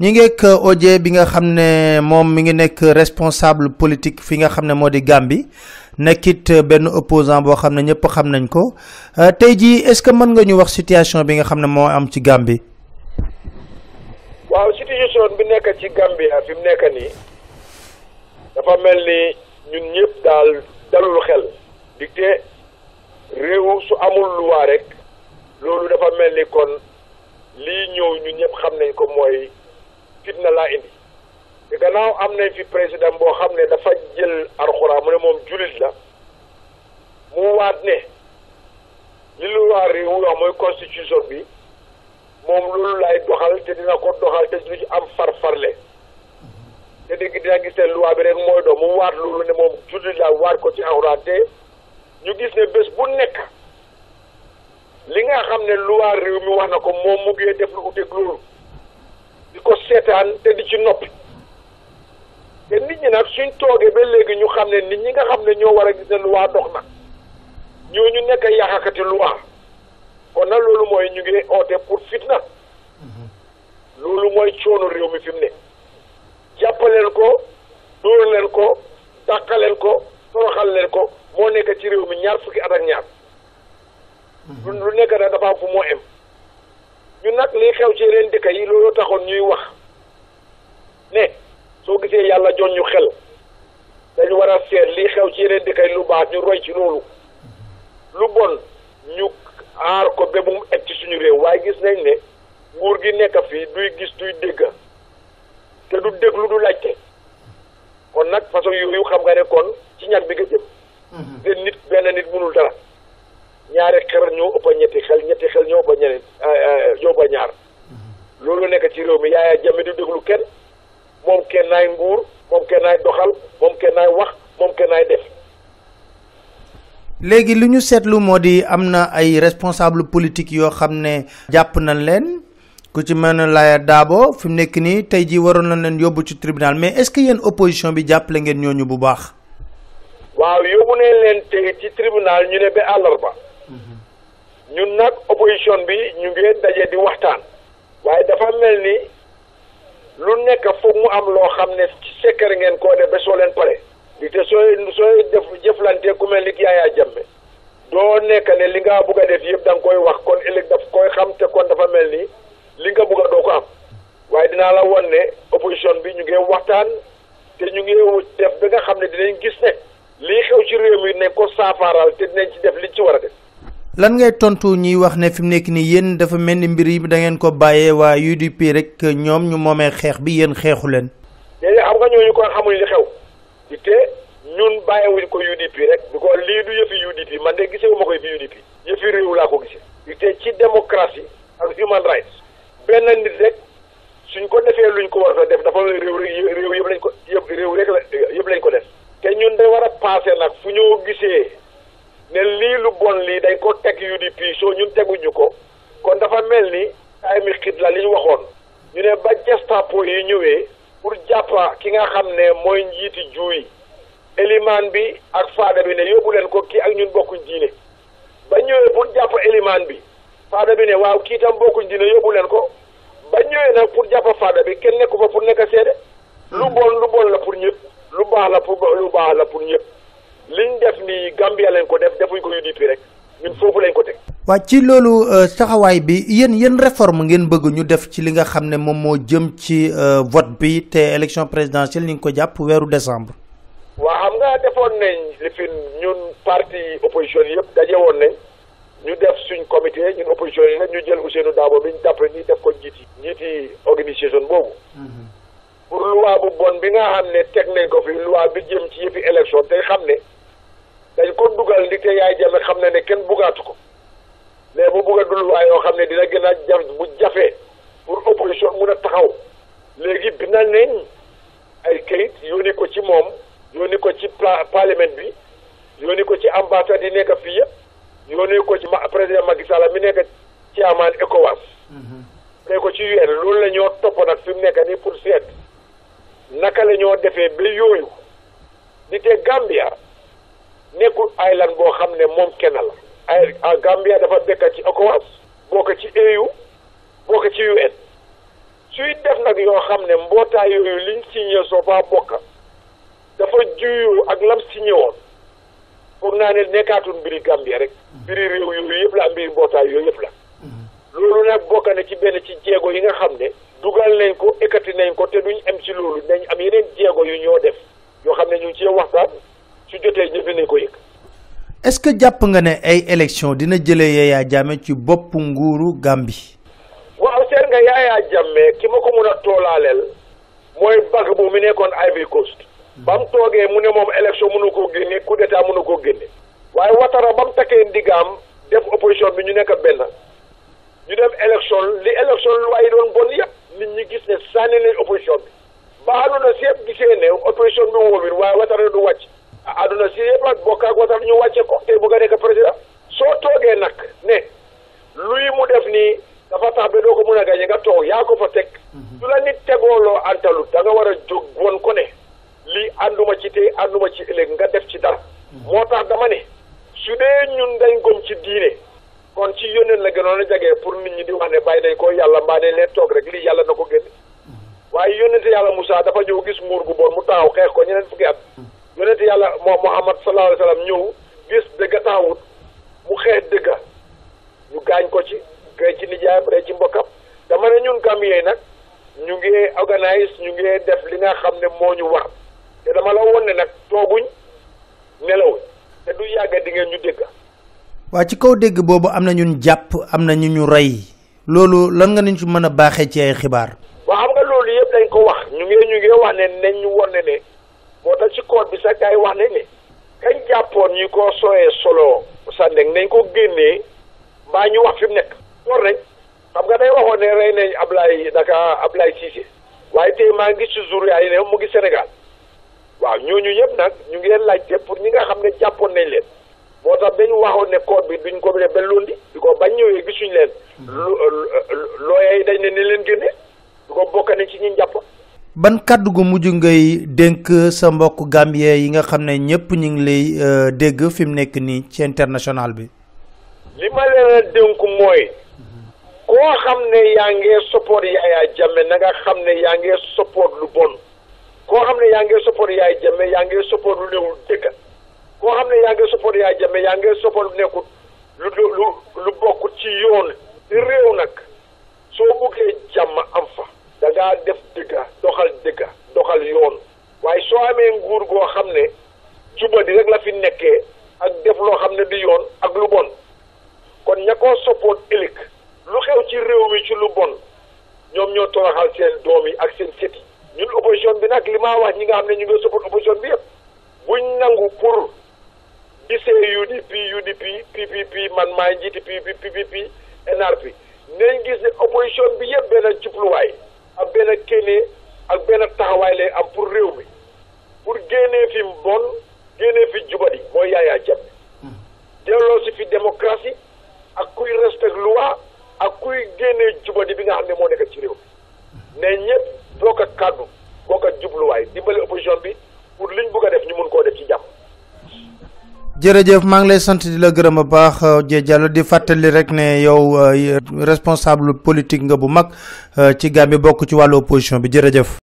ñi ngeek Oje bi nga xam ne moom mi ngi nekk responsable politique fi nga xam ne moo di Gambie nekkit benn opposant boo xam ne ñëpp xam nañ ko euh, tey jii est-ce que mën nga ñu wax situation bi nga xam ne moo am ci Gambie. waaw situation bi nekk ci Gambie fi mu nekk nii dafa mel ni ñun ñëpp daal dalul xel digte réew su amul luwaa rek loolu dafa mel ni kon lii ñëw ñun ñëpp xam nañ ko mooy. fitna laa indi te gannaaw am nañ fi président boo xam ne dafa jël alxuraan mu ne moom jullit la mu waat ne li lu waa réew mi wax mooy constitution bi moom loolu laay doxal te dina ko doxal te lu dina gis ne luwaa bi rek mooy doon mu waat loolu ne moom jullit la waat ko ci alxuraan te ñu gis ne bés bu nekk li nga xam ne luwaa réew mi wax na ko moom mu ngi def lu uteeg loolu di ko seetaan te di ci noppi te nit ñi nag suñ toogee ba léegi ñu xam ne nit ñi nga xam ne ñoo war a gis ne luwaa dox na ñooñu nekk yàqakati luwaa kon nag loolu mooy ñu ngi oote pour fitna loolu mooy coono réew mi fi mu ne jàppaleen ko dóor leen ko dàqaleen ko toroxal leen ko moo nekk ci réew mi ñaar fukki at ak ñaar lu nekk nag dafa fu moo em ñu nag li xew ci yeneen dëkk yi loolu taxoon ñuy wax ne soo gisee yàlla joon ñu xel dañu war a seet lii xew ci yeneen dëkk yi lu baax ñu roy ci loolu lu bon ñu aar ko ba mu egg ci suñu réew waaye gis nañ ne nguur gi nekk fii duy gis duy dégg te du déglu du laajte kon nag façon yooyu xam nga ne ci ñag bi nga jëm mhm. te nit benn nit mënul dara ñaari xel ñoo ëpp ñetti xel ñetti xel ñoo ëpp a ñeneen nekk ci réew mi Yaya Jammeh di déglu kenn moom kenn naay nguur moom kenn naay doxal moom kenn naay wax moom kenn naay def. léegi li ñu seetlu moo di am na ay responsable politique yoo xam ne jàpp nañ leen ku ci mel ne Laye Dabo fi mu nekk nii tey jii waroon nañ leen yóbbu ci tribunal mais est-ce que yéen opposition bi jàppale ngeen ñooñu bu baax. waaw yóbbu ne leen tey ci tribunal ñu ne ba àllarba. Mhm. ñun nag opposition bi ñu ngi daje di waxtaan. mel ni lu nekk foog mu am loo xam ne ci sekkar ngeen koo def ba soo leen pare di te sooy sooy def jëflante ku mel ni Yaya Jammeh doo nekk li nga bugg yëpp da nga wax kon ëllëg daf koy xam te kon dafa mel li nga bugg a doo ko am waaye dinaa la won ne opposition bi ñu ngi waxtaan te ñu ngi def ba nga xam ne dinañ gis ne lii xew ci réew mi ne ko saafaaral te dinañ ci def liñ ci war a def lan ngay tontu ñiy wax ne fi mu nekk nii yéen dafa mel ni mbir yi da ngeen ko bàyyee waa UDP rek ñoom ñu moomee xeex bi yéen xeexu leen. léegi xam nga ñooñu kon xamuñ li xew te ñun bàyyiwuñ ko UDP rek bu ko lii du yëfi UDP man de gisee wu koy fi UDP yëfi réew laa ko gisee. te ci démocratie ak human rights benn nit rek suñ ko defee luñ ko war a def dafa réew réew yëpp lañ ko yëpp réew rek la yëpp lañ ko def te ñun da war a passé nag fu ñoo gisee. tegoon lii dañ ko teg UDP soo ñun teguñu ko kon dafa mel ni ay mi xit la li ñu waxoon ñu ne ba gestapo yi ñëwee pour jàppa ki nga xam ne mooy njiiti juuy élimaan bi ak faada bi ne yóbbu leen ko kii ak ñun bokkuñ diine ba ñëwee pour jàpp élimaan bi faada bi ne waaw kii tam bokkuñ diine yóbbu leen ko ba ñëwee nag pour jàpp faada bi kenn nekku fa pour nekk seede lu bon lu bon la pour ñëpp lu baax la pour lu baax la pour ñëpp liñ def nii Gambia lañ ko def defuñ ko UDP rek ñun foofu lañ ko teg. waa ci loolu euh, taxawaay bi yéen yéen réforme ngeen bëgg ñu def ci li nga xam ne moom moo jëm ci euh, vote bi te élection présidentielle ni nga ko jàpp weeru décembre. waa am nga defoon nañ li fi ñun parti opposition yëpp daje woon nañ ñu def suñ comité ñun opposition yi nag ñu jël Ousseynou Dabo bi ñu jàpp ni def ko njiiti njiiti organisation boobu. Mhm. pour loi bu bon bi nga xam ne teg nañ ko fi loi bi jëm ci yëfi élection ko dugal di te yaay jame xam na ne kenn buggaatu ko mais mu bugg a yoo xam ne dina gën a jaf bu jafee pour opposition mun taxaw léegi bi na neñ ay këyit yónni ko ci moom yónni ko ci parlement bi yónni ko ci ambassade yi nekk fii yëpp yónni ko ci président Macky Sall mi nekk ci amaan ECOWAS mhm. tey ko ci UN loolu la ñoo topp nag fi mu nekk nii pour seet naka la ñoo defee ba yooyu di te Gambia moom kenn la ay ah, Gambia dafa nekk ci ECOWAS bokk ci EU bokk ci UN suy def nag yoo xam ne mbootaay yooyu liñ signé soo faa bokk dafa juyoo ak lam signé woon foog naa ne nekkaatul mbiri Gambia rek mbiri réew yooyu yëpp la mbiri mbootaay yooyu yëpp la mm-hmm. loolu nag bokk na ci benn ci jéego yi nga xam ne est-ce que jàpp nga ne ay élection dina jëlee Yaya Jammeh ci bopp nguuru Gambie. waaw seet nga Yaya Jammeh ki ma ko mën a toolaaleel mooy bag bu mu nekkoon Ivory Coast. ba mu toogee mu ne moom élection mënu koo génne coup d'état mënu koo génne. waaye Ouattara ba mu takkee ndigaam def opposition bi ñu nekk benn ñu dem élection li élection waaye doon bon yëpp nit ñi gis ne sànni nañ opposition bi. baax na ne si yëpp gisee ne opposition bi wóorul waaye Ouattara ci ëllëg nga def ci dara moo tax dama ne su dee ñun day gom ci diine kon ci yónneen la gënoon a jagee pour nit ñi di wax ne bàyyi nañ ko yàlla mbaa dañ leen toog rek lii yàlla na ko génn waaye yàlla Moussa dafa ñëw gis gu bon mu taxaw xeex ko ñeneen fukki at yàlla Muhammad sallallahu alayhi wa sallam ñëw gis dëgg taxawut mu xeex dëgg ñu gaañ ko ci kay ci nijaayam rek ci mbokkam dama ne ñun gambien nag ñu ngi organise ñu ngi def li nga xam ne war te dama la woon ne nag tooguñ nelawuñ te du yàgg di ngeen ñu dégg. waa ci kaw dégg boobu am na ñun jàpp am na ñu ñu rey loolu lan nga ñu ci mën a baaxee ci ay xibaar. waaw xam nga loolu yëpp dañ ko wax ñu ngi ñu ngi wax ne nañ ñu woon ne ne moo tax ci code bi sa gars wax ne ne kañ jàppoon ñu ko sooyee solo Sandeng nañ ko génnee mbaa ñu wax fi mu nekk. war nañ xam nga day waxoon ne rey nañ Ablaye naka Ablaye Cissé waaye tey maa ngi gis ci jour yaay ne mu ngi Sénégal. waaw ñooñu yëpp nag ñu ngi leen laajte pour ñi nga xam ne jàppoon nañ leen moo tax dañu waxoon ne code bi duñ ko def ba lundi ñëwee gisuñu leen. looyee yi dañ ne ni leen génne di ko bokk ci ñi jàppoon. ban kàddu gu mujj ngay dénk sa mbokk Gambien yi nga xam ne ñëpp ñu ngi lay euh, dégg fi mu nekk nii ci international bi. li ma leen dénk mooy. koo xam ne yaa ngi support Yaya Jammeh na xam ne yaa ngi support lu bon. koo xam ne yaa ngi support yaay jàmme yaa ngi support lu newul dëkk koo xam ne yaa ngi support yaay jàmme yaa ngi support lu lu lu lu bokkut ci yoon ci réew nag soo buggee jàmm am fa da ngaa def dëgg doxal dëgg doxal yoon waaye soo amee nguur goo xam ne di rek la fi nekkee ak def loo xam ne du yoon ak lu bon kon ña koo support ëllëg lu xew ci réew mi ci lu bon ñoom ñoo toroxal seen doom yi ak seen sët ñun opposition bi nag li ma wax ñi nga xam ne ñu ngi support opposition bi yëpp buñ nangu pour gisee UDP UDP PPP man maay njiiti PPP NRP nañ gis ne opposition bi yëpp benn jubluwaay ak benn kenee ak benn taxawaay lay am pour réew mi pour génnee fi mbon génnee fi jubadi mooy yaayaa jàpp delloo si fi démocratie ak kuy respect loi ak kuy génnee jubadi bi nga xam ne moo nekk ci réew mi ne bokk kàddu bokk ak jubluwaay opposition bi pour liñ bëgg def ñu mun koo def ci jàmm. jërëjëf maa ngi lay sant di la gërëm a baax Dieng Diallo di fàttali rek ne yow euh, responsable politique nga bu mag euh, ci bi bokk ci wàllu opposition bi jërëjëf.